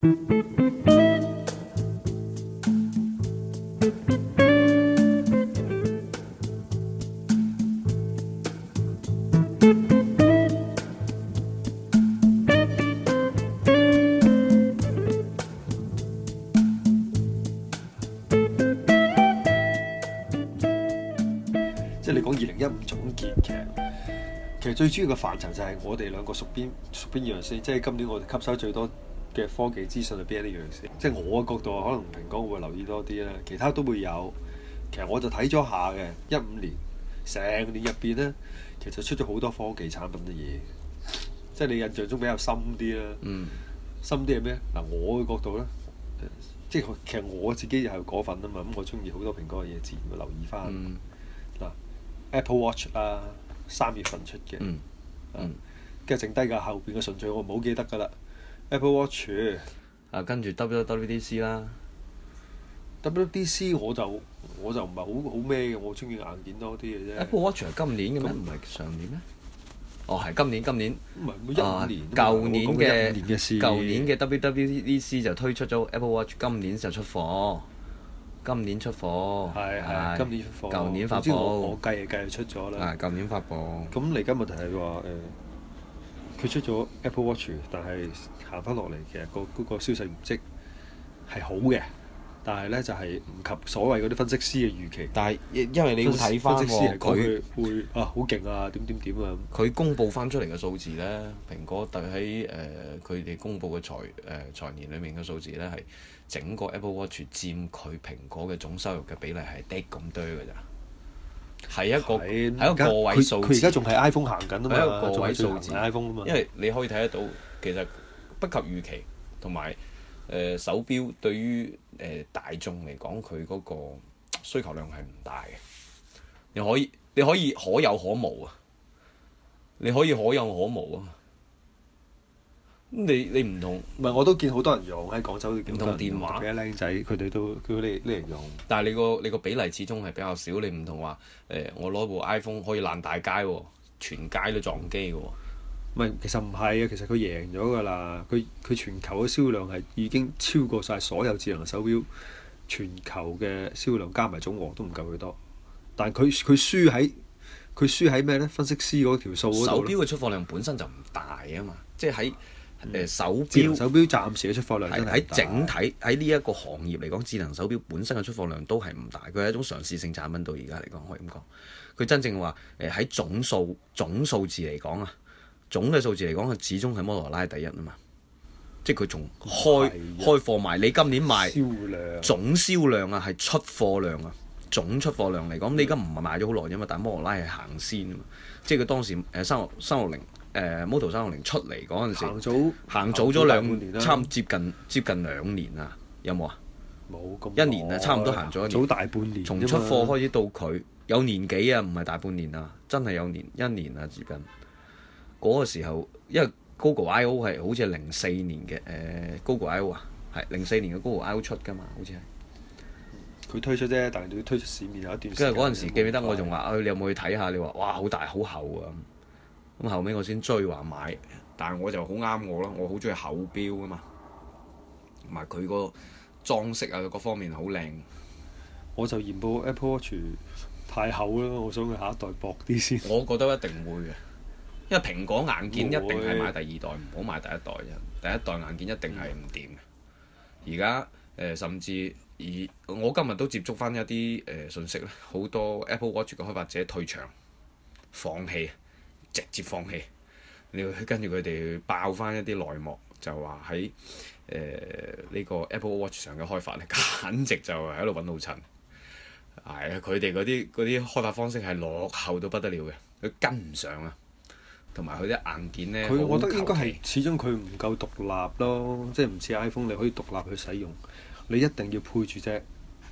即係你講二零一五總結嘅，其實最主要嘅範疇就係我哋兩個屬邊屬邊樣先。即係今年我哋吸收最多。嘅科技資訊係邊一啲樣先？即係我嘅角度，可能蘋果會留意多啲啦。其他都會有。其實我就睇咗下嘅一五年成年入邊咧，其實出咗好多科技產品嘅嘢。即係你印象中比較深啲啦。嗯。深啲係咩？嗱，我嘅角度咧，即係其實我自己又係嗰份啊嘛。咁我中意好多蘋果嘅嘢，自然會留意翻。嗯。嗱，Apple Watch 啊，三月份出嘅。嗯。嗯。跟住剩低嘅後邊嘅順序，我唔好記得噶啦。Apple Watch 啊，跟住 W W D C 啦。W D C 我就我就唔係好好咩嘅，我中意硬件多啲嘅啫。Apple Watch 係今年嘅咩？唔係上年咩？哦，係今年，今年。唔係，冇一年。舊年嘅舊年嘅 W W D C 就推出咗 Apple Watch，今年就出貨。今年出貨。係係，今年出貨。舊年發布。我計就計出咗啦。係舊年發布。咁你今日問題係話誒？佢出咗 Apple Watch，但係行翻落嚟，其實個個個銷售業績係好嘅，但係咧就係、是、唔及所謂嗰啲分析師嘅預期。但係因為你要睇翻佢會啊好勁啊點點點啊！佢、啊啊、公布翻出嚟嘅數字咧，蘋果對喺誒佢哋公布嘅財誒財年裏面嘅數字咧，係整個 Apple Watch 佔佢蘋果嘅總收入嘅比例係低咁多嘅咋。係一個係一個位數字，佢而家仲係 iPhone 行緊啊嘛，個位數字 iPhone 啊嘛。因為你可以睇得到，其實不及預期，同埋誒手錶對於誒、呃、大眾嚟講，佢嗰個需求量係唔大嘅。你可以你可以可有可無啊，你可以可有可無啊。你你唔同唔係我都見好多人用喺廣州啲唔同電話，嘅靚仔佢哋都佢啲啲人用。但係你個你個比例始終係比較少，你唔同話，啊、誒、欸，我攞部 iPhone 可以爛大街喎，哦，全街都撞機嘅，哦、喎。唔係，其實唔係啊，其實佢贏咗㗎啦。佢佢全球嘅銷量係已經超過晒所有智能手錶全球嘅銷量加埋總和都唔夠佢多。但係佢佢輸喺佢輸喺咩咧？分析師嗰條數。手錶嘅出貨量本身就唔大啊嘛，即係喺。嗯誒、嗯、手錶，手錶暫時嘅出貨量係喺整體喺呢一個行業嚟講，智能手錶本身嘅出貨量都係唔大，佢係一種嘗試性產品。到而家嚟講，可以咁講，佢真正話誒喺總數總數字嚟講啊，總嘅數字嚟講，佢始終係摩托羅拉第一啊嘛。即係佢仲開的開貨賣，你今年賣總銷量啊，係出貨量啊，總出貨量嚟講，你而家唔係賣咗好耐啫嘛。但摩托羅拉係行先啊，即係佢當時誒三三六零，呃 360, m 誒，Moto 360出嚟嗰陣時，行早咗早年兩，年差唔接近接近兩年啊，有冇啊？冇，一年啊，差唔多行咗。早大半年。從出貨開始到佢有年幾啊？唔係大半年啊，真係有年一年啊！至今嗰個時候，因為 Go I、呃、Google I O 係好似係零四年嘅，誒，Google I O 啊，係零四年嘅 Google I O 出㗎嘛，好似係。佢推出啫，但係都要推出市面有一段時間。因為嗰陣時記唔記得，我仲話：你有冇去睇下？你話哇，好大，好厚啊！咁後尾我先追話買，但係我就好啱我咯。我好中意厚表啊嘛，同埋佢個裝飾啊各方面好靚。我就嫌部 Apple Watch 太厚啦，我想佢下一代薄啲先。我覺得一定會嘅，因為蘋果硬件一定係買第二代，唔好會買第一代嘅。第一代硬件一定係唔掂。而家誒，甚至而我今日都接觸翻一啲誒、呃、信息咧，好多 Apple Watch 嘅開發者退場、放棄。直接放棄，你要跟住佢哋爆翻一啲內幕，就話喺誒呢個 Apple Watch 上嘅開發咧，簡直就喺度搵老襯。係啊，佢哋嗰啲啲開發方式係落後到不得了嘅，佢跟唔上啊。同埋佢啲硬件咧，佢他 覺得應該係始終佢唔夠獨立咯，即係唔似 iPhone 你可以獨立去使用，你一定要配住啫。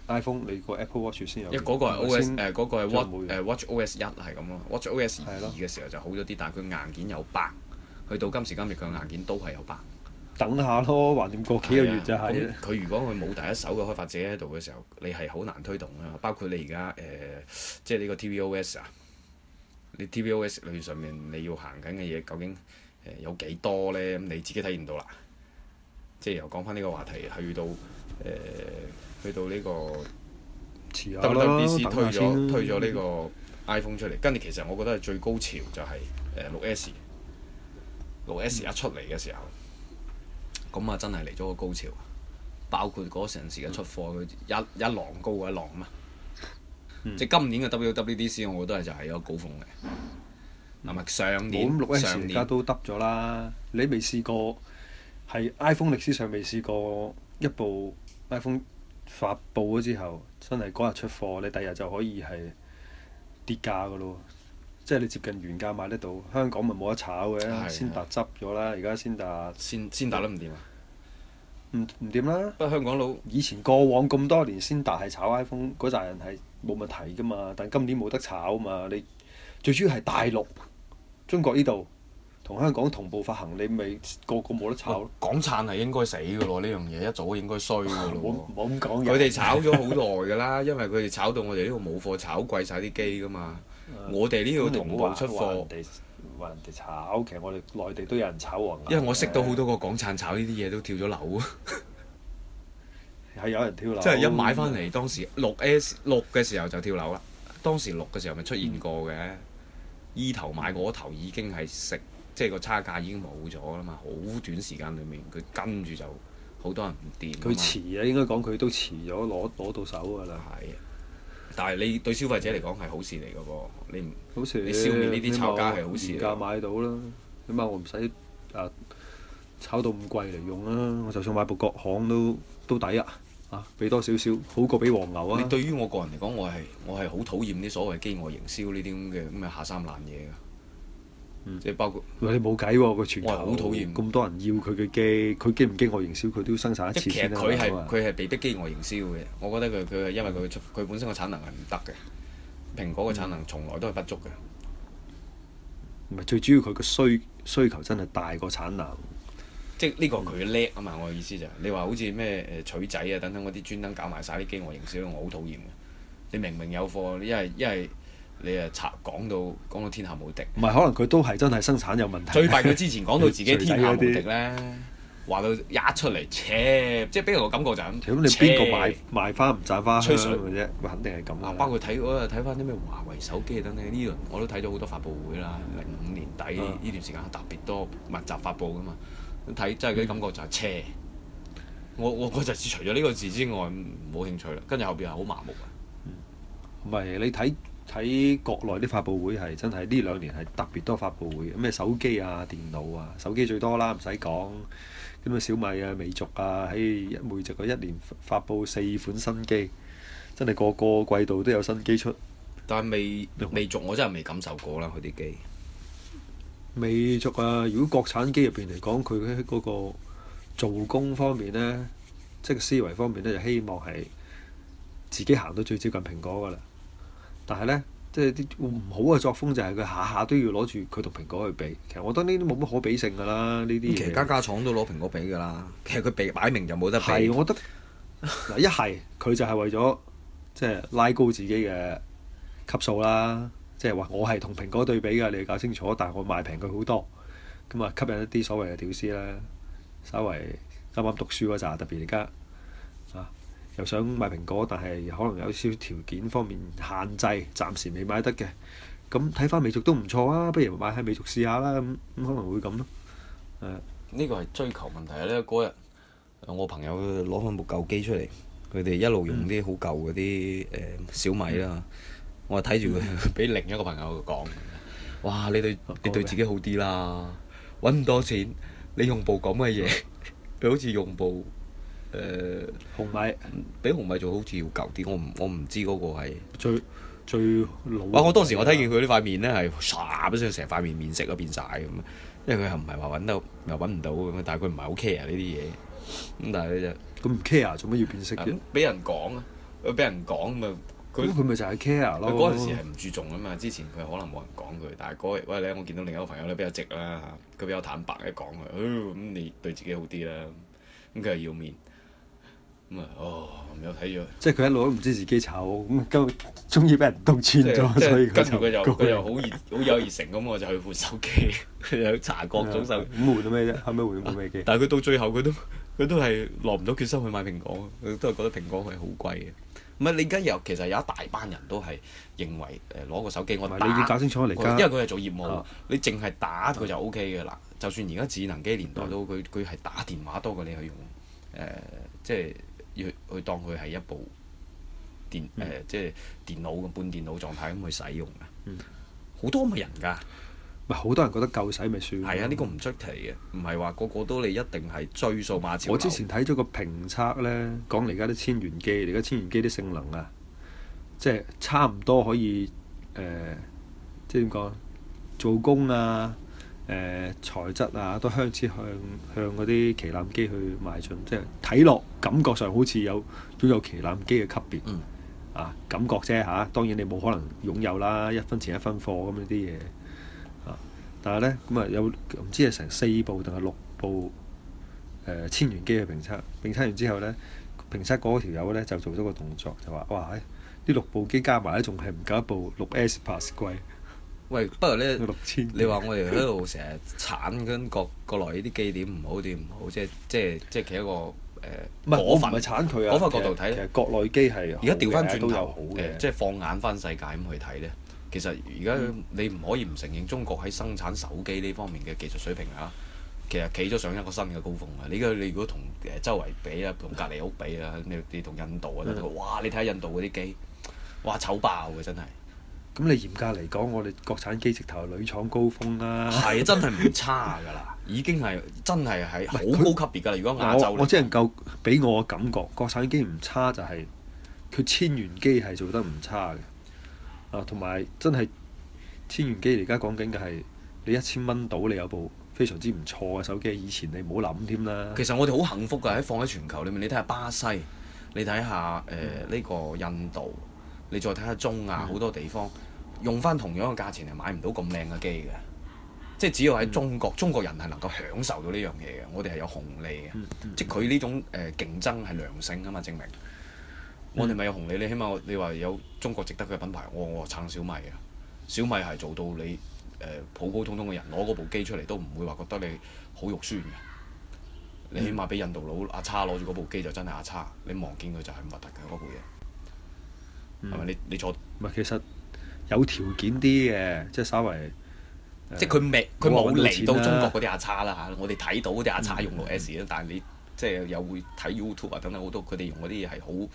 iPhone 你 App 個 Apple、嗯呃嗰個、Watch 先有，一嗰個係 OS，誒嗰個係 Watch，誒 Watch OS 一係咁咯，Watch OS 二嘅了時候就好咗啲，但係佢硬件有白，去到今時今日佢個硬件都係有白、嗯。等下咯，橫掂過幾個月就係。佢、啊、 如果佢冇第一手嘅開發者喺度嘅時候，你係好難推動啦。包括你而家誒，即係呢個 TVOS 啊，你 TVOS 上面你要行緊嘅嘢究竟誒、呃、有幾多咧？咁你自己體驗到啦。即係又講翻呢個話題去到誒。呃去到呢、呢個 W W D C，推咗推咗呢個 iPhone 出嚟。跟住其實我覺得係最高潮就係誒六 S，六 S 一、嗯、出嚟嘅時候，咁啊、嗯、真係嚟咗個高潮。包括嗰陣時嘅出貨，嗯、一一浪高過一浪啊嘛！嗯、即今年嘅 W W D C，我覺得係就係一個高峰嚟。嗱咪、嗯、上年，S 上年都得咗啦。你未試過係 iPhone 歷史上未試過一部 iPhone。發布咗之後，真係嗰日出貨，你第日就可以係跌價㗎囉。即係你接近原價買得到，香港咪冇得炒嘅的，先達執咗啦。而家先達先先達都唔掂啊！唔唔掂啦。香港佬以前過往咁多年，先達係炒 iPhone 嗰扎人係冇問題㗎嘛，但今年冇得炒嘛。你最主要係大陸、中國呢度。同香港同步發行，你咪個個冇得炒。港燦係應該死㗎咯，呢樣嘢一早應該衰㗎咯。冇冇咁講嘢。佢哋炒咗好耐㗎啦， 因為佢哋炒到我哋呢度冇貨，炒貴晒啲機㗎嘛。嗯、我哋呢度同步出貨。話人哋炒，其實我哋內地都有人炒喎。因為我識到好多個港燦炒呢啲嘢，都跳咗樓啊！係 有人跳樓。即係一買翻嚟，嗯、當時六 S 六嘅時候就跳樓啦。當時六嘅時候咪出現過嘅，依、嗯、頭買嗰頭已經係食。即係個差價已經冇咗啦嘛，好短時間裡面佢跟住就好多人唔掂。佢遲啊，應該講佢都遲咗攞攞到手㗎啦係。但係你對消費者嚟講係好事嚟噶喎，你唔，好事時，你消滅呢啲炒價係好事。價買到啦，起碼我唔使誒炒到咁貴嚟用啦，啊，我就算買部國行都都抵啊嚇，俾、啊、多少少好過俾黃牛啊。你對於我個人嚟講，我係我係好討厭啲所謂饑餓營銷呢啲咁嘅咁嘅下三爛嘢㗎。即包括，你冇計喎好存量，咁多人要佢嘅機，佢飢唔飢餓營銷，佢都要生產一次先啦，佢係佢係被逼飢餓營銷嘅，我覺得佢佢係因為佢佢、嗯、本身個產能係唔得嘅，蘋果個產能從來都係不足嘅。唔係、嗯、最主要佢個需需求真係大過產能，即係呢個佢叻啊嘛！我嘅意思就係、是、你話好似咩誒取仔啊等等嗰啲專登搞埋晒啲飢餓營銷，我好討厭嘅。你明明有貨，一係一係。你誒拆講到講到天下無敵，唔係可能佢都係真係生產有問題。最弊佢之前講到自己 天下無敵咧，話到一出嚟邪即係俾人個感覺就係、是、咁。咁你邊個買邪賣翻唔賺翻吹水啫？肯定係咁。包括睇我又睇翻啲咩華為手機等等呢段，我都睇咗好多發布會啦。零五、嗯、年底呢、嗯、段時間特別多密集發布噶嘛，睇真係啲感覺就係、是、邪。我我我就除咗呢個，個字之外冇興趣啦，跟住後邊係好麻木。唔係、嗯嗯、你睇。睇國內啲發佈會係真係呢兩年係特別多發佈會，咩手機啊、電腦啊，手機最多啦，唔使講。咁啊，小米啊、魅族啊，喺每隻個一年發佈四款新機，真係個個季度都有新機出。但係魅魅族，我真係未感受過啦，佢啲機。魅族啊，如果國產機入邊嚟講，佢喺嗰個做工方面呢，即係個思維方面呢，就希望係自己行到最接近蘋果㗎喇。但係咧，即係啲唔好嘅作風就係佢下下都要攞住佢同蘋果去比。其實我覺得呢啲冇乜可比性㗎啦，呢啲其實家家廠都攞蘋果比㗎啦。其實佢比擺明就冇得比。係，我覺得嗱一係佢就係為咗即係拉高自己嘅級數啦。即係話我係同蘋果對比㗎，你搞清楚。但係我賣平佢好多，咁啊吸引一啲所謂嘅屌絲啦，稍為啱啱讀書嗰陣，特別而家。又想買蘋果，但係可能有少少條件方面限制，暫時未買得嘅。咁睇翻魅族都唔錯啊，不如買喺魅族試下啦。咁、嗯、咁、嗯、可能會咁咯、啊。誒、呃，呢個係追求問題啊！呢、那、嗰、個、日，我朋友攞翻部舊機出嚟，佢哋一路用啲好舊嗰啲誒小米啦、啊。嗯、我睇住佢，俾另、嗯、一個朋友講，哇！你對你對自己好啲啦，揾咁多錢，你用部咁嘅嘢，佢、嗯、 好似用部。誒、呃、紅米比紅米仲好似要舊啲，我唔我唔知嗰個係最最老、啊。哇！我當時我睇見佢呢塊面咧係唰咗成塊面面色都變晒。咁，因為佢又唔係話揾到又揾唔到咁，但係佢唔係好 care 呢啲嘢。咁但係咧就佢唔 care 做乜要變色嘅？俾人講啊！俾人講咪，佢佢咪就係 care 咯。佢嗰陣時係唔注重啊嘛！之前佢可能冇人講佢，但係嗰日喂我有見到另一個朋友咧比較直啦？佢比較坦白嘅講佢，咁、哎、你對自己好啲啦。咁佢又要面。哦，有睇咗，即係佢一路都唔知自己醜，咁跟住中意俾人督穿咗，是 所以佢跟住佢就佢就好熱好有熱誠咁， 我就去換手機， 去查各種手，咁換咗咩啫？後尾換咗咩機？ 啊、但係佢到最後佢都佢都係落唔到決心去買蘋果，佢都係覺得蘋果係好貴嘅。唔係你而家有其實有一大班人都係認為誒攞、呃、個手機，我打，你要搞清楚嚟㗎，因為佢係做業務，啊、你淨係打佢就 O K 嘅啦。就算而家智能機年代都，佢佢係打電話多過你去用誒、呃，即係。要去，去當佢係一部電誒、嗯呃，即係電腦咁半電腦狀態咁去使用啊！好多唔係人㗎，唔係好多人覺得夠使咪算。係啊，呢、呢個唔出奇嘅，唔係話個個都你一定係追數碼潮。我之前睇咗個評測呢，講嚟而家啲千元機，而家千元機啲性能啊，即係差唔多可以誒、呃，即係點講？做工啊！誒、啊、材質啊，都開始向向嗰啲旗艦機去邁進，即係睇落感覺上好似有都有旗艦機嘅級別，嗯、啊感覺啫嚇、啊。當然你冇可能擁有啦，一分錢一分貨咁呢啲嘢。但係呢，咁、嗯、啊、嗯、有唔知係成四部定係六部誒、呃、千元機嘅評測，評測完之後呢，評測嗰條友呢，就做咗個動作，就話哇呢啲六部機加埋咧仲係唔夠一部六 S Plus 貴。喂，不過咧，六千你話我哋喺度成日鏟緊國國內呢啲機點唔好點唔好，即係即係即係企一個誒，唔、呃、係不分我唔係鏟佢啊！嘅其，實其實國內機係而家調返轉頭，誒、呃、即係放眼返世界咁去睇咧，其實而家你唔可以唔承認中國喺生產手機呢方面嘅技術水平啊，其實企咗上一個新嘅高峰啊。你你如果同誒、呃、周圍比啊，同隔離屋比啊，你你同印度啊、嗯，哇！你睇下印度嗰啲機，哇醜爆嘅真係～咁你嚴格嚟講，我哋國產機直頭係屢闖高峰啦！係啊，真係唔差噶啦， 已經係真係係好高級別噶啦。是如果亞洲我，我只能夠俾我感覺，國產機唔差就係、是、佢千元機係做得唔差嘅。同、啊、埋真係千元機而家講緊嘅係你一千蚊到，你有部非常之唔錯嘅手機。以前你唔好諗添啦。其實我哋好幸福嘅，喺放喺全球裏面，你睇下巴西，你睇下誒呢個印度，你再睇下中亞好、嗯、多地方。用翻同樣嘅價錢係買唔到咁靚嘅機嘅，即係只要喺中國，嗯、中國人係能夠享受到呢樣嘢嘅。我哋係有紅利嘅，嗯嗯、即係佢呢種誒、呃、競爭係良性㗎嘛！證明、嗯、我哋咪有紅利。你起碼你話有中國值得佢嘅品牌，我我撐小米啊！小米係做到你誒、呃、普普通通嘅人攞嗰部機出嚟都唔會話覺得你好肉酸嘅。你起碼畀印度佬阿、啊、叉攞住嗰部機就真係阿、啊、叉。你望見佢就係核突嘅嗰部嘢，係咪、嗯嗯？你你，你坐唔係其實。有條件啲嘅，即係稍微，即係佢未佢冇嚟到中國嗰啲阿叉啦嚇，我哋睇到嗰啲阿叉用六 S 啊， S, 嗯嗯、 但係你即係又會睇 YouTube 啊等等好多，佢哋用嗰啲嘢係好誒，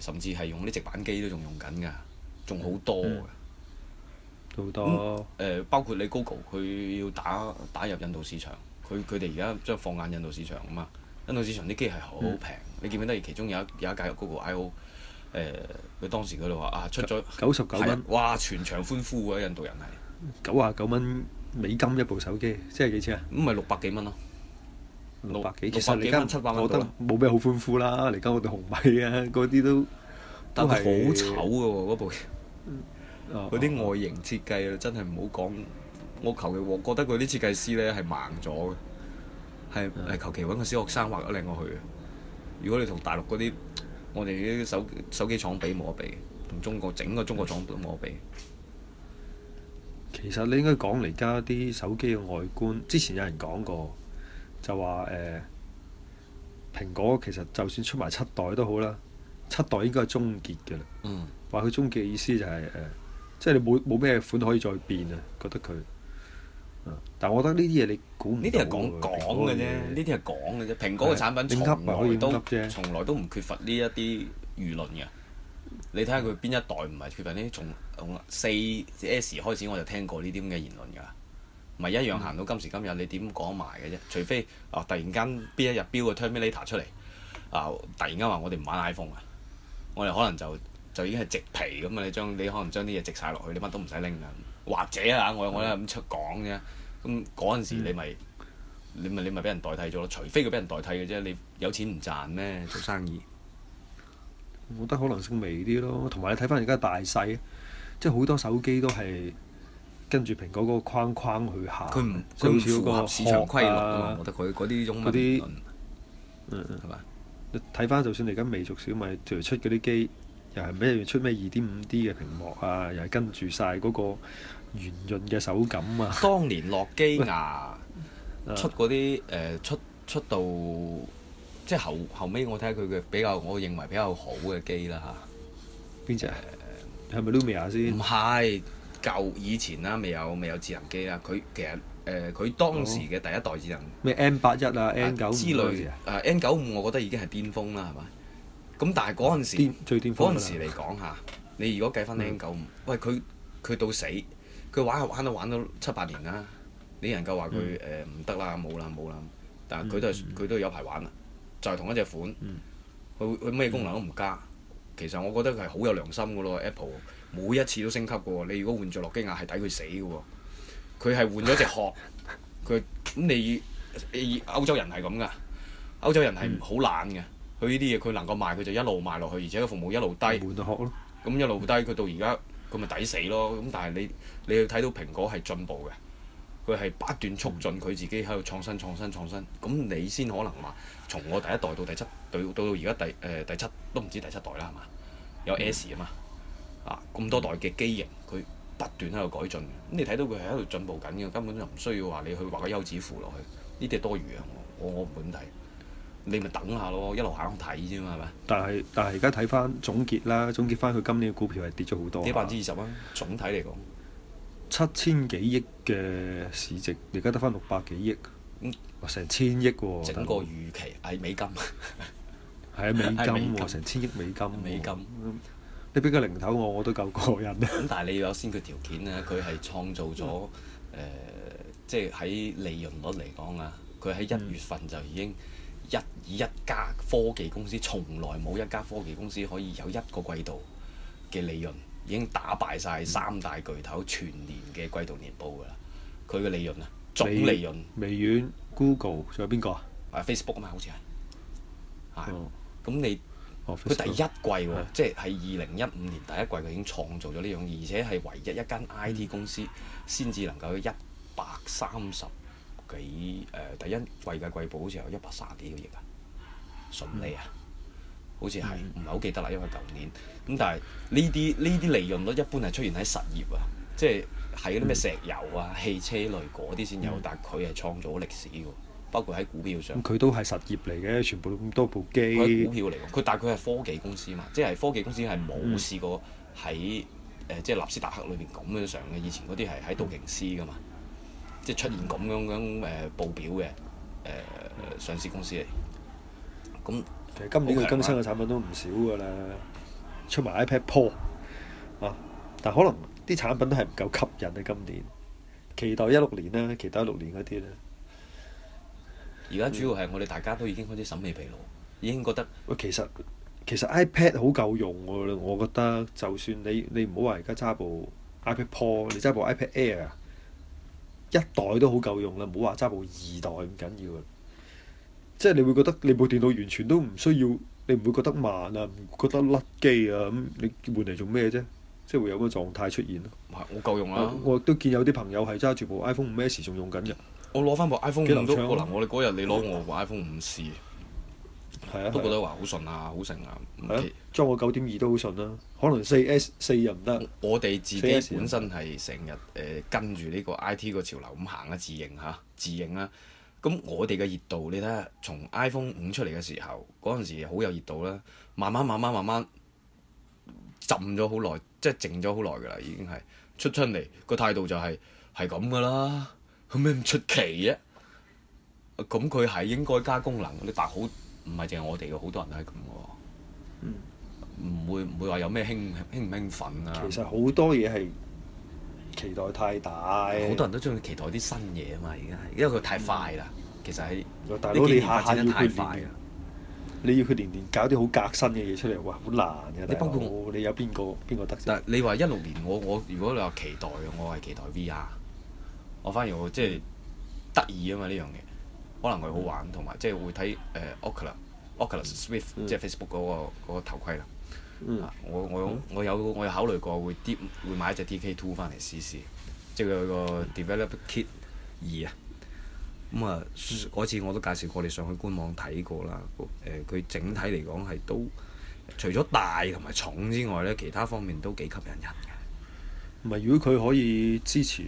甚至係用啲直板機都仲用緊㗎，仲好多嘅，好、嗯嗯、多，多。誒、嗯呃，包括你 Google 佢要打打入印度市場，佢佢哋而家將放眼印度市場啊嘛、嗯，印度市場啲機係好平，嗯嗯、你記唔記得？其中有一有一架叫 Google I O。誒佢，呃、當時佢就話啊出咗九十九蚊，哇全場歡呼啊。印度人係九啊九蚊美金一部手機，即係幾錢啊？唔係六百幾蚊咯，六百幾，六百幾蚊其實七百蚊我覺得冇咩好歡呼啦，嚟緊我哋紅米啊，嗰啲都係好醜嘅喎嗰部，嗰啲外形設計啊、哦哦、真係唔好講，我求其我覺得佢啲設計師咧係盲咗嘅，係係求其揾個小學生畫得靚過去，如果你同大陸嗰啲我哋啲手手機廠比冇得比，同中國整個中國廠都冇得比。其實你應該講而家啲手機嘅外觀，之前有人講過，就話誒、呃、蘋果其實就算出埋七代都好啦，七代應該係終結㗎啦。嗯。話佢終結嘅意思就係、是、誒、呃，即係你冇冇咩款可以再變啊？覺得佢。但我覺得呢啲嘢你估唔到，呢啲係講講嘅啫，呢啲係講嘅啫。蘋果嘅產品從來都、嗯、從來都唔缺乏呢一啲輿論嘅、嗯。你睇下佢邊一代唔係缺乏呢啲？從四 S 開始我就聽過呢啲咁嘅言論㗎。唔係一樣行到今時今日，你點講埋嘅啫？除非啊，突然間邊一日飆一個 Terminator 出嚟啊！突然間話我哋唔玩 iPhone 啊！我哋可能就就已經係植皮咁啊！你將你可能將啲嘢植晒落去，你乜都唔使拎㗎。或者啊，我我咧咁出講啫。咁嗰陣時你咪你咪你咪俾人代替咗咯。除非佢俾人代替嘅啫，你有錢唔賺咩？做生意，我覺得可能性微啲咯。同埋你睇翻而家大細，即係好多手機都係跟住蘋果嗰個框框去行。佢唔佢唔符合市場規律啊，啊，我覺得佢嗰啲嗰啲嗯係咪？你睇翻吧就算你而家未熟小米，除出嗰啲機，又係咩出咩二點五 D 嘅屏幕啊！又係跟住晒嗰個圓潤嘅手感啊！當年諾基亞出嗰啲誒出出到即係後後尾，我睇下佢嘅比較，我認為比較好嘅機啦吓，邊隻啊？係咪、呃、Lumia 先？唔係舊以前啦，未有未有智能機啦。佢其實誒佢、呃、當時嘅第一代智能咩 N 八一啊 N 九五之類啊 N 九五，我覺得已經係巔峰啦，係咪？咁、嗯、但係嗰陣時，嗰陣時嚟講吓， 你如果計翻 N 九五，嗯、喂佢佢到死，佢玩係、啊、玩到、啊、玩到七八年、啊嗯呃、啦，你能夠話佢誒唔得啦，冇啦冇啦，但係佢都係佢、嗯嗯、都有排玩啦，就係、是、同一隻款，佢佢咩功能都唔加，嗯、其實我覺得佢係好有良心嘅咯，Apple 每一次都升級嘅喎，你如果換咗諾基亞係抵佢死嘅喎，佢係換咗隻殼，佢咁 你，你以歐洲人係咁噶，歐洲人係好懶嘅。佢呢啲嘢，佢能夠賣，佢就一路賣落去，而且個服務一路低，咁一路低，佢到而家，佢咪抵死咯。咁但係你，你去睇到蘋果係進步嘅，佢係不斷促進佢自己喺度創新、創新、創新。咁你先可能話，從我第一代到第七，到到而家第誒、呃、第七，都唔知第七代啦，係嘛？有 S 啊嘛、嗯，咁多代嘅機型，佢不斷喺度改進。咁你睇到佢係喺度進步緊嘅，根本就唔需要話你去畫個休止符落去。呢啲係多餘嘅，我我唔滿意。你咪等下咯，一路行睇啫嘛，係咪？但係但係，而家睇翻總結啦，總結翻佢今年嘅股票係跌咗好多。跌百分之二十蚊，總體嚟講。七千幾億嘅市值，而家得翻六百幾億。哇！成千億喎。整個預期係美金。係啊，美金喎，成千億美金。美金，你俾個零頭我，我都夠過癮啊！咁但係你要有先決條件啊，佢係創造咗誒，即係喺利潤率嚟講啊，佢喺一月份就已經。一以一家科技公司，從來冇一家科技公司可以有一個季度嘅利潤已經打敗晒三大巨頭全年嘅季度年報㗎啦。佢嘅利潤啊，總利潤。微軟、Google 仲有邊個啊？Facebook 啊嘛，好似係。啊、哦！咁你佢、哦、第一季喎，哦 Facebook、即係係二零一五年第一季，佢已經創造咗呢樣，而且係唯一一一間 IT 公司先至能夠一百三十。幾誒、呃、第一季嘅季報好似有一百卅幾個億啊，嗯、順利啊，好似係唔係好記得啦？因為舊年咁，但係呢啲呢啲利潤率一般係出現喺實業啊，即係喺啲咩石油啊、嗯、汽車類嗰啲先有，但係佢係創造咗歷史喎。包括喺股票上，佢、嗯、都係實業嚟嘅，全部咁多部機。係股票嚟㗎，佢但係佢係科技公司嘛，即係科技公司係冇試過喺誒、嗯嗯呃、即係納斯達克裏邊咁樣上嘅，以前嗰啲係喺道瓊斯㗎嘛。即係出現咁樣樣誒、呃、報表嘅誒、呃、上市公司嚟，咁、嗯、其實今年佢更新嘅產品都唔少㗎啦，出埋 iPad Pro 啊，但可能啲產品都係唔夠吸引啊！今年期待一六年啦，期待一六年嗰啲啦。而家主要係我哋大家都已經開始審美疲勞，嗯、已經覺得喂，其實其實 iPad 好夠用㗎，我覺得就算你你唔好話而家揸部 iPad Pro，你揸部 iPad Air。一代都好夠用啦，唔好話揸部二代咁緊要啦。即係你會覺得你部電腦完全都唔需要，你唔會覺得慢啊，唔覺得甩機啊，咁你換嚟做咩啫？即係會有個狀態出現咯、啊。唔係我夠用啦、啊。我都見有啲朋友係揸住部 iPhone 五 S 仲用緊嘅。我攞翻部 iPhone 五、啊、都可能我哋嗰日你攞我部 iPhone 五 S。都覺得話好順啊，好、啊啊、順啊。即我九點二都好順啦。可能四 S 四又唔得。我哋自己本身係成日誒跟住呢個 I T 個潮流咁行啊，自認嚇、啊、自認啦、啊。咁我哋嘅熱度，你睇下從 iPhone 五出嚟嘅時候，嗰陣時好有熱度啦。慢慢慢慢慢慢浸咗好耐，即係靜咗好耐㗎啦。已經係出出嚟個態度就係係咁㗎啦。有咩唔出奇啊？咁佢係應該加功能，你但好。唔係淨係我哋嘅，好多人都係咁喎。唔、嗯、會唔會話有咩興興唔興奮啦、啊？其實好多嘢係期待太大、啊。好多人都中意期待啲新嘢啊嘛！而家係因為佢太快啦，嗯、其實喺呢幾年發展得太快啦。你要佢年年搞啲好革新嘅嘢出嚟，哇！好難嘅、啊。你包括我，哥你有邊個邊個得？嗱，你話一六年我我如果你話期待嘅，我係期待 VR。我反而我即係得意啊嘛！呢樣嘢。可能佢好玩，同埋即係會睇誒 Oculus、Oculus, Oculus Rift、嗯即係 Facebook 嗰個嗰個頭盔啦。嗯、啊！我我，我有我有我有考慮過會 D 會買一隻 DK Two 翻嚟試試，即係佢個 Develop Kit 二啊。咁啊，嗰次我都介紹過你上去官網睇過啦。誒、呃，佢整體嚟講係都除咗大同埋重之外咧，其他方面都幾吸引人嘅。唔係，如果佢可以支持。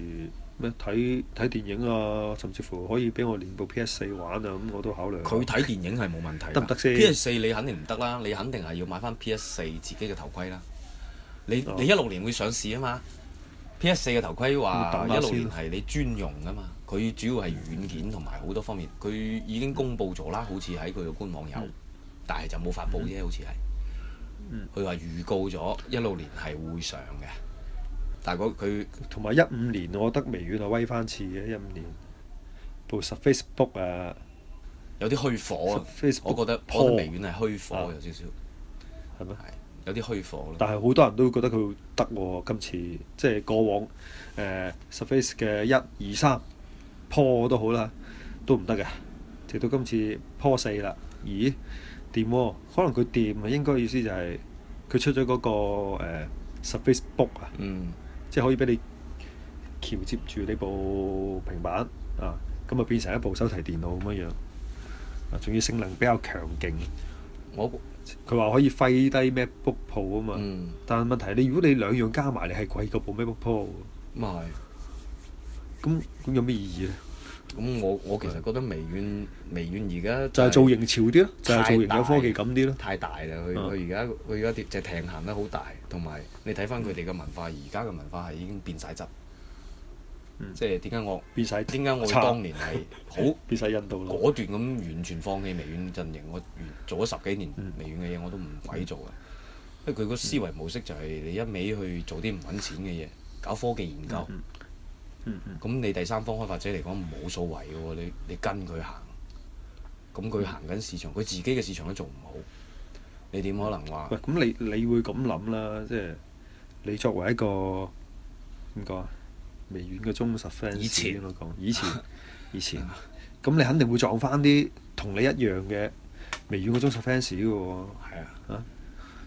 咩睇睇電影啊，甚至乎可以俾我連部 PS 四玩啊，咁我都考慮。佢睇電影係冇問題。得唔得先？PS 四你肯定唔得啦，你肯定係要買翻 PS 四自己嘅頭盔啦。你、啊、你一六年會上市啊嘛？PS 四嘅頭盔話一六年係你專用㗎嘛，佢主要係軟件同埋好多方面，佢已經公布咗啦，嗯、好似喺佢嘅官網有，嗯、但係就冇發布啫，好似係。佢話、嗯、預告咗一六年係會上嘅。但嗰佢同埋一五年，我覺得微軟係威翻次嘅一五年。部 Surface Book 啊、uh，有啲虛火啊。Surface Book 我覺得破 paw 微軟係虛火、uh, 有少少。係咩嗎？有啲虛火、啊。但係好多人都覺得佢得喎，今次即係、就是、過往、呃、Surface 嘅一二三破都好啦、啊，都唔得嘅。直到今次破四啦，咦掂、啊？可能佢掂啊，應該意思就係佢出咗嗰、那個、呃、Surface Book 啊。嗯。即係可以俾你橋接住呢部平板啊，咁啊變成一部手提電腦咁樣樣啊，仲要性能比較強勁。我佢話可以廢低 MacBook Pro 啊嘛，嗯，但係問題你如果你兩樣加埋，你係貴過部 MacBook Pro。咁咁的有咩意義呢？咁我我其實覺得微軟微軟而家就係造型潮啲咯，就係造型有科技感啲咯。太大啦，佢佢而家佢而家啲就係艇行得好大，同埋你睇翻佢哋嘅文化，而家嘅文化係已經變晒質。即係點解我變晒？點解我當年係好變晒印度？果斷咁完全放棄微軟陣營。我做咗十幾年微軟嘅嘢，我都唔鬼做啊！因為佢個思維模式就係你一味去做啲唔揾錢嘅嘢，搞科技研究。咁、嗯、你第三方開發者嚟講冇所謂嘅喎，你你跟佢行，咁佢行緊市場，佢自己嘅市場都做唔好，你點可能話？喂，咁你你會咁諗啦，即係你作為一個點講？微軟嘅忠實 fans，我講以前，以前，咁 你肯定會撞翻啲同你一樣嘅微軟嘅忠實 fans 嘅喎。 啊，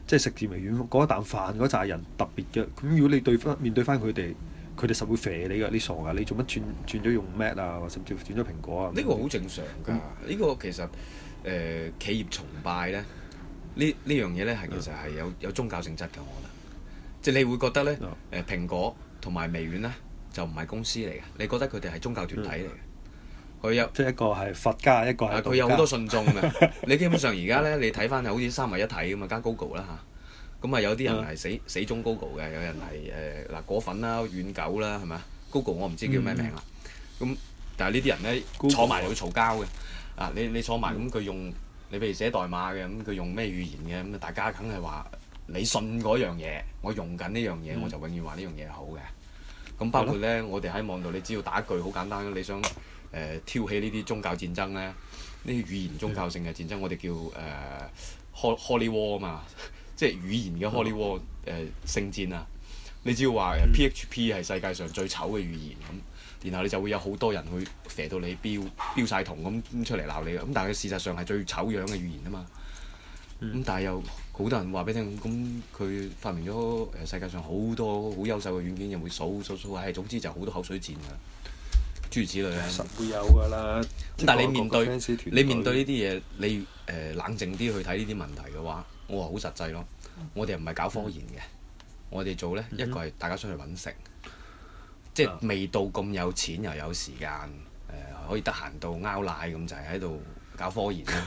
即係食住微軟嗰一啖飯嗰扎人特別嘅，咁如果你對翻面對翻佢哋。 佢哋實會肥，你㗎，你傻㗎？你做乜轉轉咗用 Mac 啊，甚至轉咗蘋果啊？呢個好正常㗎。呢、這個其實誒、呃、企業崇拜咧，這個、呢呢樣嘢咧係其實係有、嗯、有宗教性質嘅。我覺得，即係你會覺得咧誒蘋果同埋微軟咧就唔係公司嚟嘅。你覺得佢哋係宗教團體嚟？嘅、嗯？佢有即係一個係佛家，一個係佢有好多信眾㗎。 你基本上而家咧， 你睇翻係好似三位一體咁啊，加 Google 啦嚇。咁啊，有啲人係死 Yeah. 死忠 Google 嘅，有人係誒嗱果粉啦、軟狗啦，係咪啊？Google 我唔知叫咩名啊。咁、mm. 但係呢啲人咧坐埋就會嘈交嘅。啊，你你坐埋咁，佢、mm. 用你譬如寫代碼嘅，咁佢用咩語言嘅？咁大家梗係話你信嗰樣嘢，我用緊呢樣嘢，mm. 我就永遠話呢樣嘢好嘅。咁包括咧，Yeah. 我哋喺網度，你只要打一句好簡單你想誒、呃、挑起呢啲宗教戰爭咧，呢啲語言宗教性嘅戰爭，我哋叫誒 Holy War 啊嘛。呃即係語言嘅 Hollywood 誒、呃、聖戰啊！你只要話誒 PHP 係世界上最醜嘅語言咁，嗯、然後你就會有好多人去射到你標標曬銅咁出嚟鬧你咁，但係事實上係最醜樣嘅語言啊嘛。咁但係又好多人話俾你聽，咁佢發明咗世界上好多好優秀嘅軟件，又會數數數誒，總之就好多口水戰啊！諸如此類咧，實會有㗎啦。但係你面對，你面對呢啲嘢，你誒、呃、冷靜啲去睇呢啲問題嘅話，我話好實際咯。嗯、我哋唔係搞科研嘅，嗯、我哋做呢、嗯、一個係大家出去揾食，即係、嗯、未到咁有錢又有時間、嗯呃、可以得閒到拗奶咁就喺度搞科研咧。嗯、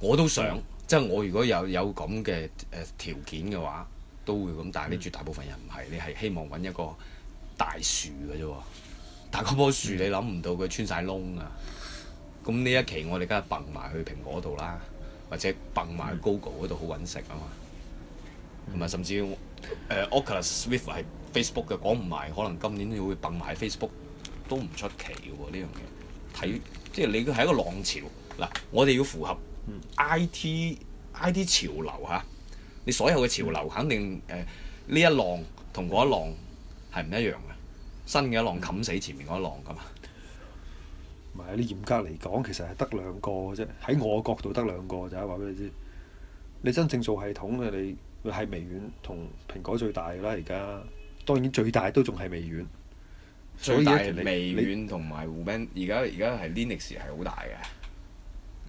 我都想，即係、嗯、我如果有有咁嘅誒條件嘅話，都會咁。但係你絕大部分人唔係，你係希望揾一個大樹嘅啫喎。但嗰棵樹你諗唔到佢穿晒窿啊！咁呢一期我哋梗係掟埋去蘋果度啦，或者掟埋去 Google 度好揾食啊嘛，同埋、嗯、甚至誒 Oculus Swift 係 Facebook 嘅，講唔埋，可能今年會都要掟埋 Facebook 都唔出奇嘅呢樣嘢。睇、嗯、即係你都係一個浪潮嗱，我哋要符合 IT、嗯、IT 潮流吓，你所有嘅潮流肯定誒呢、呃、一浪同嗰一浪係唔一樣。新嘅一浪冚死前面嗰一浪咁啊！唔係有啲嚴格嚟講，其實係得兩個嘅啫。喺我角度得兩個就係話俾你知，你真正做系統嘅你係微軟同蘋果最大啦。而家當然最大都仲係微軟。所以微軟同埋 Ubuntu 而家而家係 Linux 係好大嘅，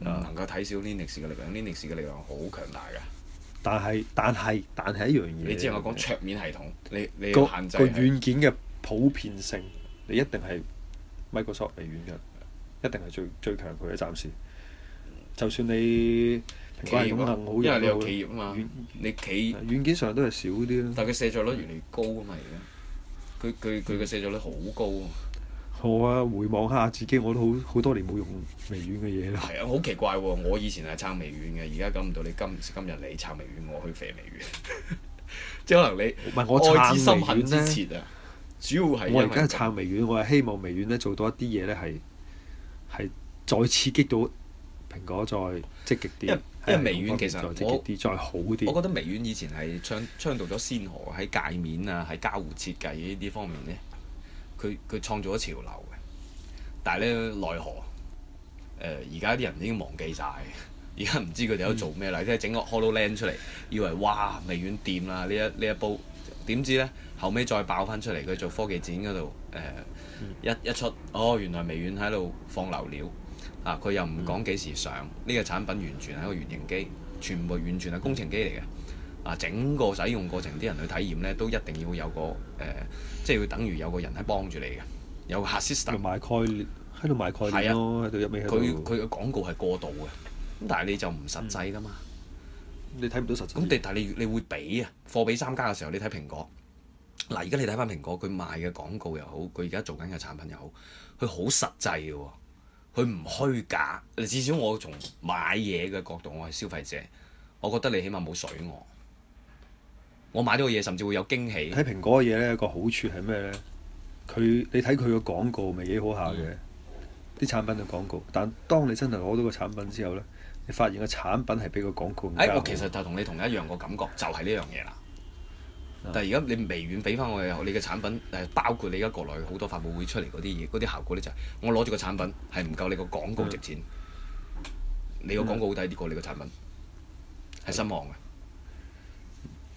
嗯、唔能夠睇小 Linux 嘅力量。Linux 嘅力量好強大㗎。但係但係但係一樣嘢。你之前我講桌面系統，你你，你限制。個個軟件嘅。普遍性，你一定係 Microsoft 微軟嘅，一定係最最強佢嘅暫時。就算你企業，因為你有企業啊嘛，遠你企軟件上都係少啲咯。但係佢卸載率越嚟越高啊嘛，而家，佢佢佢嘅卸載率好高。啊。好啊，回望下自己，我都好好多年冇用微軟嘅嘢啦。係啊，好奇怪喎，啊！我以前係撐微軟嘅，而家諗唔到你今今日你撐微軟，我去肥微軟。 即係可能你愛之深恨之切啊！主要係我而家撐微軟，我係希望微軟咧做到一啲嘢咧，係係再刺激到蘋果再積極啲，因為微軟其實我，再好啲，我覺得微軟以前係倡倡導咗先河喺界面啊，喺交互設計呢啲方面咧，佢佢創造咗潮流嘅，但係咧奈何誒而家啲人已經忘記晒。而家唔知佢哋喺度做咩啦，即係整個 HoloLand 出嚟，以為哇微軟掂啦、啊，呢一呢一波。點知呢？後尾再爆翻出嚟，佢做科技展嗰度誒一一出，哦，原來微軟喺度放流料啊！佢又唔講幾時上呢、嗯、個產品，完全係一個原型機，全部完全係工程機嚟嘅啊！整個使用過程啲人去體驗呢，都一定要有個誒，即、呃、係、就是、等於有個人喺幫住你嘅，有 assistant。賣概念喺度，賣概念喺度，佢佢嘅廣告係過度嘅，但係你就唔實際㗎嘛？嗯嗯你睇唔到實際。咁但係你你會俾啊，貨比三家嘅時候，你睇蘋果。嗱，而家你睇翻蘋果，佢賣嘅廣告又好，佢而家做緊嘅產品又好，佢好實際嘅喎，佢唔虛假。至少我從買嘢嘅角度，我係消費者，我覺得你起碼冇水我。我買到嘅嘢，甚至會有驚喜。睇蘋果嘅嘢咧，個好處係咩呢？佢你睇佢嘅廣告，咪幾好下嘅？啲、嗯、產品嘅廣告，但係當你真係攞到個產品之後呢。你發現個產品係比個廣告。誒、哎，我其實就同你同一樣個感覺，就係、是、呢樣嘢啦。但係而家你微軟俾翻我嘅，你嘅產品誒，包括你而家國內好多發佈會出嚟嗰啲嘢，嗰啲效果咧就係我攞住個產品係唔夠你個廣告值錢。嗯、你個廣告好抵啲過你個產品，係失望嘅。是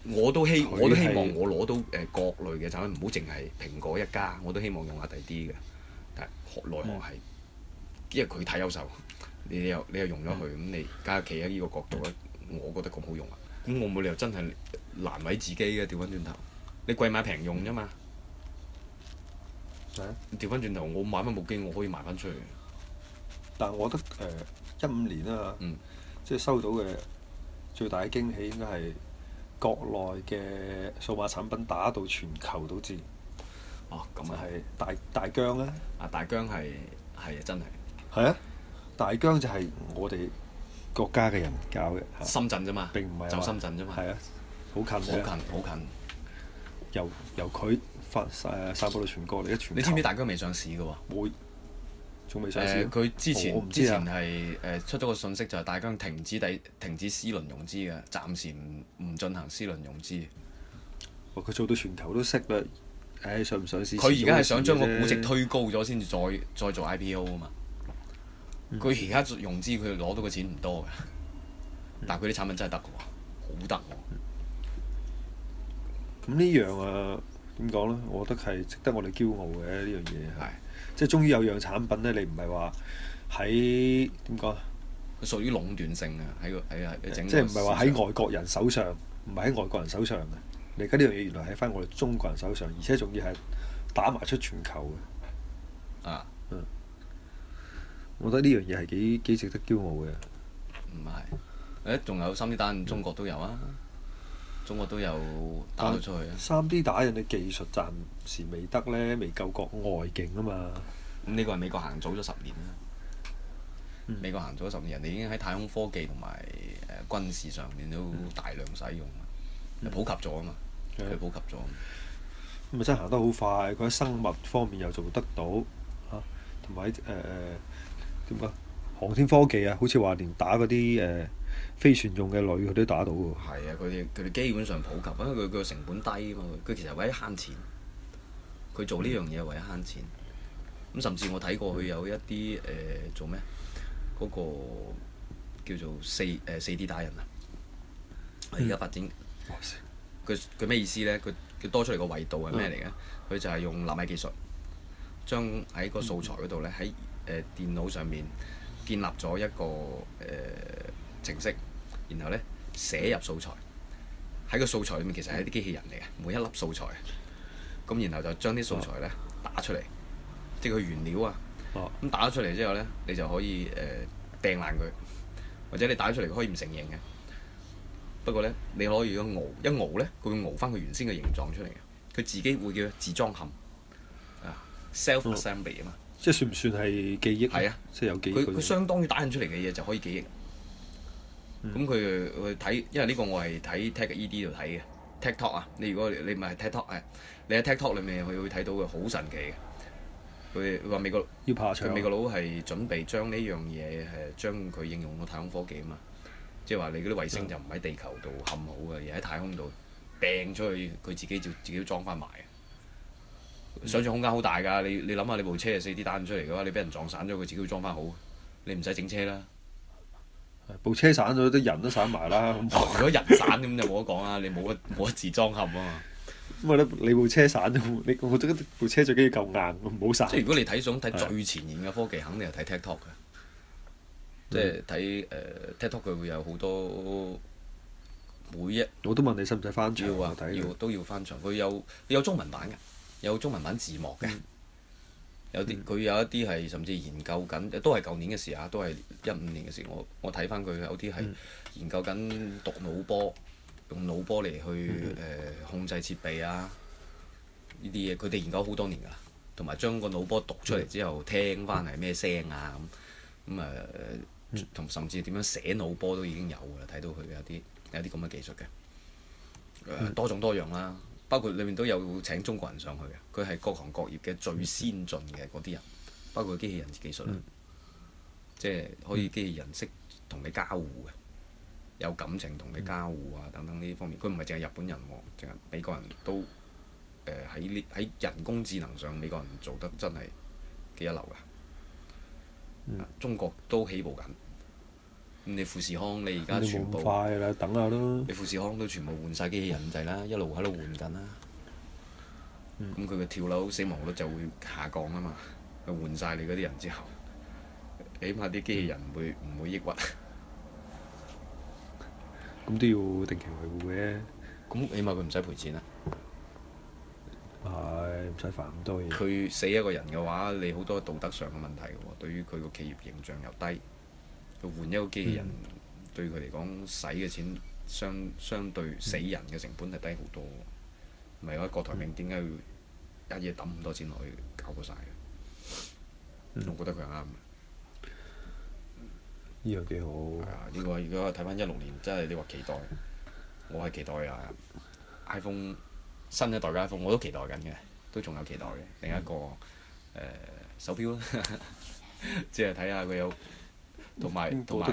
我都希是我都希望我攞到誒國內嘅產品，唔好淨係蘋果一家。我都希望用下第啲嘅，但係學內行係、嗯、因為佢太優秀。你又你又用咗佢咁，你加入喺呢個角度咧，我覺得咁好用啊！咁我冇理由真係難為自己嘅。調翻轉頭，你貴買平用啫嘛。係調翻轉頭，我買翻部機，我可以賣翻出去。但係我覺得誒一五年啊，即係收到嘅最大嘅驚喜，應該係國內嘅數碼產品打到全球都知。哦，咁啊，係大大疆咧。啊！大疆係係真係。係啊！大疆就係我哋國家嘅人搞嘅，深圳啫嘛，並唔係就深圳啫嘛，係啊，好近，好近，好近。由由佢發誒散播到全國嚟，一你知唔知大疆未上市㗎喎？會仲未上市？佢之前之前係誒出咗個信息，就係大疆停止第停止 C 輪融資嘅，暫時唔唔進行 C 輪融資。佢做到全球都識啦。誒，上唔上市？佢而家係想將個估值推高咗，先至再再做 IPO 啊嘛。佢而家融資，佢攞到嘅錢唔多嘅，但係佢啲產品真係得嘅喎，得好得喎。咁呢、嗯、樣啊，點講呢？我覺得係值得我哋驕傲嘅呢樣嘢係，的即係終於有樣產品呢，你唔係話喺點講啊？屬於壟斷性啊，喺個喺整。即係唔係話喺外國人手上，唔係喺外國人手上嘅。你而家呢樣嘢原來喺翻我哋中國人手上，而且仲要係打埋出全球嘅。啊！我覺得呢樣嘢係幾幾值得驕傲嘅。唔係，誒仲有三 D 打印，中國都有啊！嗯、中國都有打得出去、啊。去。三 D 打印嘅技術暫時未得呢，未夠國外勁啊嘛。咁呢個係美國行早咗十年啦、啊。嗯、美國行早咗十年，人哋已經喺太空科技同埋誒軍事上面都大量使用，嗯、普及咗啊嘛。佢、嗯、普及咗、啊，咁咪、嗯、真係行得好快。佢喺生物方面又做得到同埋喺點講？航天科技啊，好似話連打嗰啲誒飛船用嘅鋁，佢、呃、都打到㗎。係啊，佢哋佢哋基本上普及，因為佢佢個成本低啊嘛。佢其實為咗慳錢，佢做呢樣嘢為咗慳錢。咁甚至我睇過佢有一啲誒、呃、做咩？嗰、嗰個叫做四誒四 D 打印啊！佢而家發展，佢佢咩意思咧？佢佢多出嚟個維度係咩嚟嘅？佢、嗯、就係用納米技術，將喺個素材嗰度咧喺。誒、呃、電腦上面建立咗一個誒、呃、程式，然後咧寫入素材，喺個素材裏面其實係啲機器人嚟嘅，每一粒素材，咁然後就將啲素材咧打出嚟，即係佢原料啊，咁、啊、打咗出嚟之後咧，你就可以誒掟爛佢，或者你打咗出嚟佢可以唔成形嘅，不過咧你可以去熬，一熬咧佢會熬翻佢原先嘅形狀出嚟嘅，佢自己會叫自裝嵌啊，self assembly 啊嘛。即係算唔算係記憶？係啊，即係有記憶。佢佢相當於打印出嚟嘅嘢就可以記憶。咁佢去睇，因為呢個我係睇 Tech ED 度睇嘅。TikTok 啊，你如果你唔係 TikTok 係你喺 TikTok 裡面佢會睇到佢好神奇嘅。佢佢話美國要爬牆，佢美國佬係準備將呢樣嘢係將佢應用個太空科技啊嘛。即係話你嗰啲衛星就唔喺地球度冚好嘅，嗯、而喺太空度掟出去，佢自己就自己都裝翻埋。想象空間好大㗎！你你諗下你部車係四 D 彈出嚟嘅話，你俾人撞散咗，佢自己會裝翻好。你唔使整車啦。部車散咗，啲人都散埋啦。好好 如果人散咁就冇得講啦！你冇得冇乜自裝盒啊嘛。咁 你部車散咗，你部車最緊要夠硬，唔好散。即係如果你睇想睇最前沿嘅科技，的肯定係睇 TikTok 嘅。嗯、即係睇誒 TikTok 佢會有好多每一。我都問你使唔使翻牆？要啊，要都要翻牆。佢有佢有，有中文版嘅。有中文版字幕嘅，有啲佢、嗯、有一啲係甚至研究緊，都係舊年嘅事啊，都係一五年嘅事。我我睇翻佢有啲係研究緊讀腦波，用腦波嚟去誒、呃、控制設備啊，呢啲嘢佢哋研究好多年噶，同埋將個腦波讀出嚟之後聽翻係咩聲啊咁，咁誒同甚至點樣寫腦波都已經有噶啦，睇到佢有啲有啲咁嘅技術嘅，誒、呃、多種多樣啦。包括裏面都有請中國人上去嘅，佢係各行各業嘅最先進嘅嗰啲人，包括機器人技術、嗯、即係可以機器人識同你交互嘅，有感情同你交互啊，等等呢方面，佢唔係淨係日本人喎，淨係美國人都誒喺呢喺人工智能上，美國人做得真係幾一流㗎、啊，中國都起步緊。咁你富士康，你而家全部你，快等下你富士康都全部換晒機器人就係啦，一路喺度換緊啦。咁佢個跳樓死亡率就會下降啊嘛！佢換曬你嗰啲人之後，起碼啲機器人唔會唔、嗯、會抑鬱。咁都、嗯、 要定期維護嘅，咁起碼佢唔使賠錢啊。唔係唔使煩咁多嘢。佢死一個人嘅話，你好多道德上嘅問題喎，對於佢個企業形象又低。換一個機器人對佢嚟講，使嘅錢相相對死人嘅成本係低好多，唔係嘅話郭台銘點解要一嘢抌咁多錢落去搞嗰晒？我覺得佢係啱嘅。依個幾好。係啊，呢個，如果睇翻一六年，真係你話期待，我係期待啊！iPhone 新一代嘅 iPhone，我都期待緊嘅，都仲有期待嘅另一個誒、嗯呃、手錶啦，即係睇下佢有。同埋同埋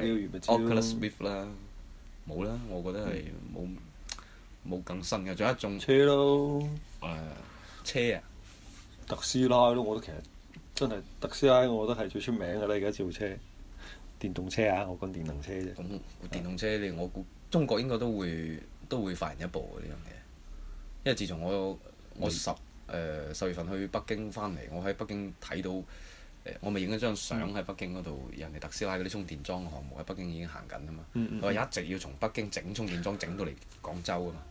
Oculus Rift 啦，冇啦，我覺得係冇冇咁新嘅，仲有一種車咯囉，誒、呃、車啊特斯拉咯，我覺得其實真係特斯拉，我覺得係最出名嘅啦。而家做車電動車啊，我講電動車啫。咁、嗯、電動車、嗯、你我估中國應該都會都會發現一部嘅呢樣嘢，因為自從我我十誒未、呃、十月份去北京翻嚟，我喺北京睇到。我咪影咗張相喺北京嗰度，人哋特斯拉嗰啲充電樁嘅項目喺北京已經行緊啊嘛，佢話、嗯嗯嗯、一直要從北京整充電樁整到嚟廣州啊嘛，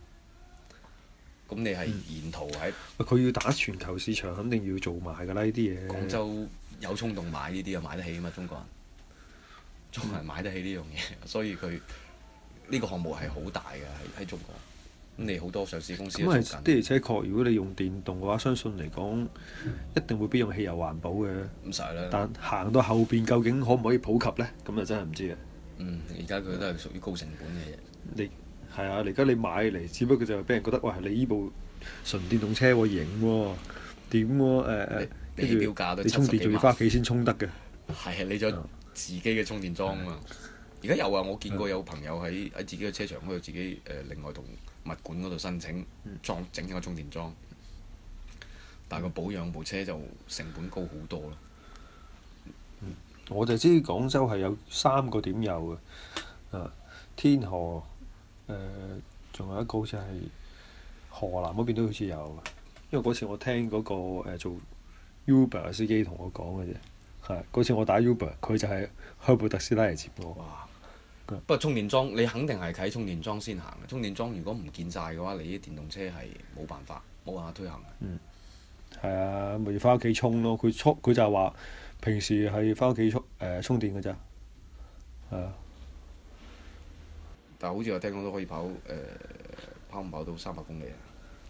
咁你係沿途喺，佢、嗯、要打全球市場，肯定要做埋㗎啦呢啲嘢。廣州有衝動買呢啲啊，買得起啊嘛，中國人，中國人買得起呢樣嘢，所以佢呢、呢個項目係好大嘅喺喺中國。咁你好多上市公司，因為的，而且確。如果你用電動嘅話，相信嚟講一定會比用汽油環保嘅咁曬啦。但行到後邊，究竟可唔可以普及咧？咁啊，真係唔知嘅。嗯，而家佢都係屬於高成本嘅嘢。你係啊，而家你買嚟，只不過就係俾人覺得，喂，你呢部純電動車喎，型喎、啊，點喎、啊？誒誒、啊，啲標價都你充電仲要返屋企先充得嘅。係啊，你再自己嘅充電樁啊嘛。而家有啊，嗯、又我見過有朋友喺喺自己嘅車場嗰度自己誒、呃、另外同。呃物管嗰度申請裝整一個充電樁，但係個保養部車就成本高好多咯。我就知廣州係有三個點有嘅，天河，仲、呃、有一個好似係河南嗰邊都好似有，因為嗰次我聽嗰、嗰個、呃、做 Uber 嘅司機同我講嘅啫，係嗰次我打 Uber，佢就係開部特斯拉嚟接我。不過充電樁你肯定係啟充電樁先行嘅，充電樁如果唔建晒嘅話，你啲電動車係冇辦法，冇辦法推行。嗯，係啊，咪要返屋企充咯。佢佢就係話，平時係返屋企充、呃、充電嘅咋。係啊。但好似我聽講都可以跑誒、呃，跑唔跑到三百公里啊？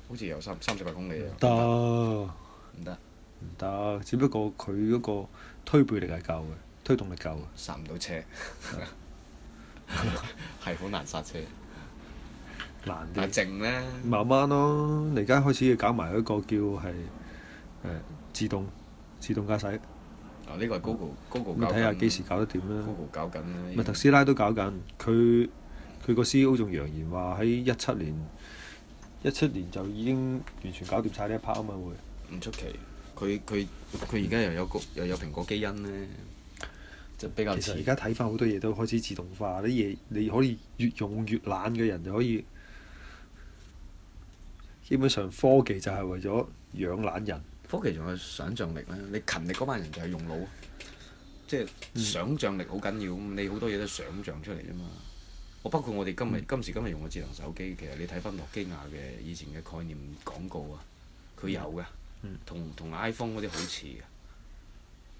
好似有三三四百公里啊？得、啊，唔得、啊，唔得、啊啊。只不過佢嗰個推背力係夠嘅，推動力夠，剎唔到車。 係好 難剎車，難啲。但呢慢慢咯，你而家開始要搞埋一個叫係誒、呃、自動自動駕駛。哦這個、啊！呢個係 Google Google 咁睇下幾時搞得掂啦？Google 搞緊、啊。咪特斯拉都搞緊，佢佢個 CEO 仲揚言話喺一七年一七年就已經完全搞掂晒呢一 part 啊嘛會。唔出奇。佢佢佢而家又有個又有蘋果基因咧。就比較其實而家睇翻好多嘢都開始自動化，啲嘢你可以越用越懶嘅人就可以。基本上科技就係為咗養懶人。科技仲有想像力咧，你勤力嗰班人就係用腦。即、就、係、是、想像力好緊要，嗯、你好多嘢都想像出嚟啫嘛。我、嗯、包括我哋今日今時今日用嘅智能手機，其實你睇翻諾基亞嘅以前嘅概念廣告啊，佢有噶，同同 iPhone 嗰啲好似嘅。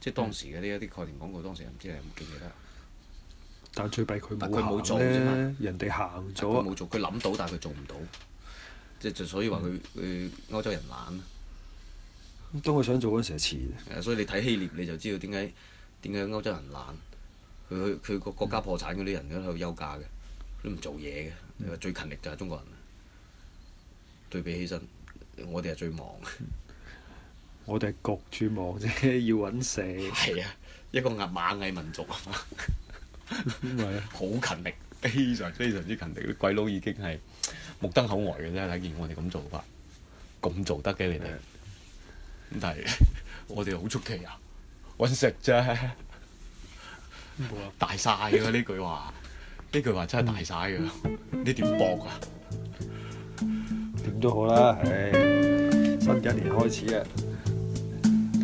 即係當時嘅呢一啲概念廣告，當時我唔知你有冇記記得。但係最弊佢冇行咧。人哋行咗。佢冇做，佢諗到，但係佢做唔到。即係就所以話，佢佢、嗯、歐洲人懶。當佢想做嗰陣時係遲。所以你睇希臘你就知道點解點解歐洲人懶。佢佢佢個國家破產嗰啲人喺度、嗯、休假嘅，都唔做嘢嘅。你話、嗯、最勤力就係中國人。對比起身，我哋係最忙。嗯我哋係焗住忙啫， 要揾食蛇。係 啊，一個阿螞蟻民族啊嘛。點解？好勤力，非常非常之勤力。啲鬼佬已經係目瞪口呆嘅啫，睇見我哋咁做法。咁做得嘅你哋，咁 但係我哋好出奇啊！揾食啫。 大晒㗎呢句話，呢句話真係大晒㗎！你點搏啊？點都好啦，誒，新一年開始啊！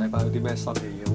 你班有啲咩新嘢？